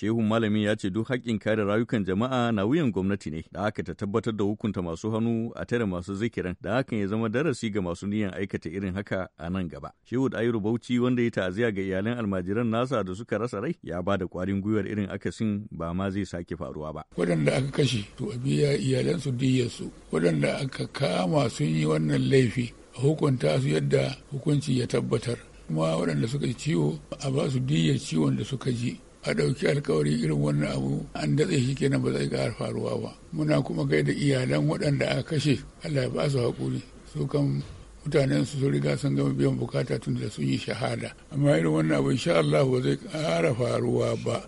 Shehun Malami ya ce duk haƙƙin kare rayukan jama'a na wuyan gwamnati ne, da aka ta tabbatar da hukunta masu hannu a tare masu zikiran, da hakan ya zama darasi ga masu niyan aikata irin haka a nan gaba. Shehu Ayiru Bauchi wanda ya ta'aziya ga iyalan almajiran nasa da suka rasa rai ya ba da ƙwarin gwiwar irin akasin ba ma zai sake faruwa ba. Waɗanda aka kashe to a biya diyyar su waɗanda aka kama sun yi wannan laifi a hukunta su yadda hukunci ya tabbatar. kuma waɗanda suka ji ciwo a ba su diyyar ciwon da suka ji a ɗauki alkawari irin wannan abu an datse shi kenan ba zai ƙara faruwa ba muna kuma kai da iyalan waɗanda aka kashe allah ya ba su haƙuri su kan mutanen su sun riga sun gama biyan bukata tun da sun yi shahada amma irin wannan abu insha Allah ba zai ƙara faruwa ba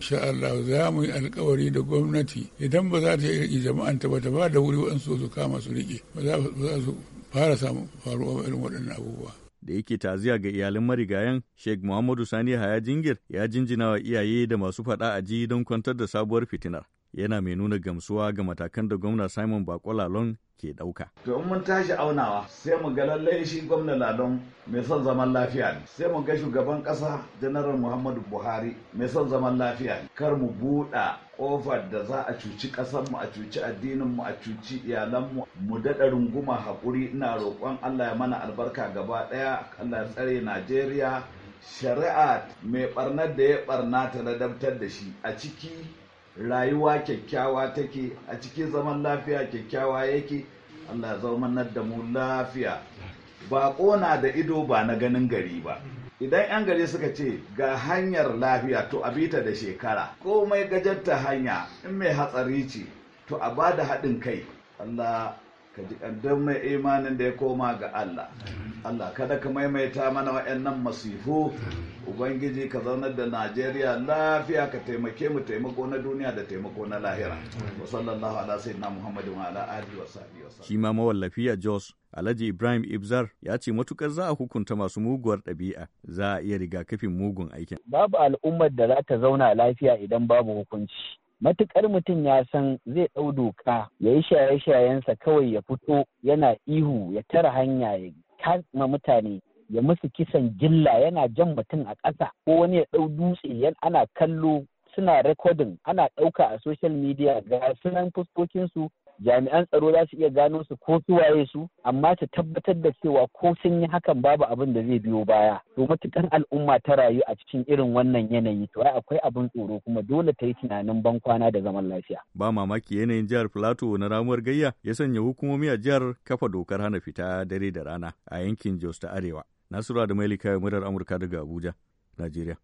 insha Allah za mu yi alkawari da gwamnati idan ba za ta yi jama'an ta ba ta ba da wuri waɗansu su kama su riƙe ba za su fara samun faruwa irin waɗannan abubuwa da yake taziya ga iyalan marigayen Sheikh Muhammadu Sani Haya Jingir ya jinjina wa iyaye da masu faɗa a ji don kwantar da sabuwar fitinar. yana mai nuna gamsuwa ga matakan da gwamna Simon Bako Lalon ke ɗauka. To in mun tashi aunawa sai mu ga lallai shi gwamna Lalon mai son zaman lafiya ne. Sai mu ga shugaban ƙasa Janaral Muhammadu Buhari mai son zaman lafiya ne. Kar mu buɗa ƙofar da za a cuci ƙasarmu a cuci addininmu a cuci iyalanmu mu daɗa runguma haƙuri ina roƙon Allah ya mana albarka gaba ɗaya Allah ya tsare Najeriya shari'a mai ɓarnar da ya ɓarna ta ladabtar da shi a ciki rayuwa kyakkyawa take a cikin zaman lafiya kyakkyawa yake Allah manar da mu lafiya ba na da ido ba na ganin gari ba idan 'yan gari suka ce ga hanyar lafiya to a bita da shekara komai gajarta hanya in mai hatsari ce to a ba da haɗin kai Allah ka ji ƙaddon mai imanin da ya koma ga Allah Allah kada ka maimaita mana waɗannan masifu ubangiji ka zaunar da Najeriya lafiya ka taimake mu taimako na duniya da taimako na lahira wa sallallahu ala sayyidina Muhammadin wa ala alihi wa sahbihi wa shi ma mawallafi a Jos Alhaji Ibrahim Ibzar ya ce matukar za a hukunta masu muguwar ɗabi'a za a iya rigakafin mugun aikin babu al'ummar da za ta zauna lafiya idan babu hukunci matukar mutum ya san zai ɗau doka ya yi shaye-shayensa kawai ya fito yana ihu ya tara hanya ya kama mutane ya musu kisan gilla yana jan mutum a ƙasa ko wani ya ɗau dutse yan ana kallo suna rekodin ana ɗauka a social media ga sunan fuskokinsu jami'an tsaro za su iya gano su ko su waye su amma ta tabbatar da cewa ko sun yi hakan babu abin da zai biyo baya to matukan al'umma ta rayu a cikin irin wannan yanayi to ai akwai abin tsoro kuma dole ta yi tunanin ban kwana da zaman lafiya ba mamaki yanayin jihar plato na ramuwar gayya ya sanya hukumomi a jihar kafa dokar hana fita dare da rana a yankin Jos ta Arewa Nasiru da Mailika murar Amurka daga Abuja Najeriya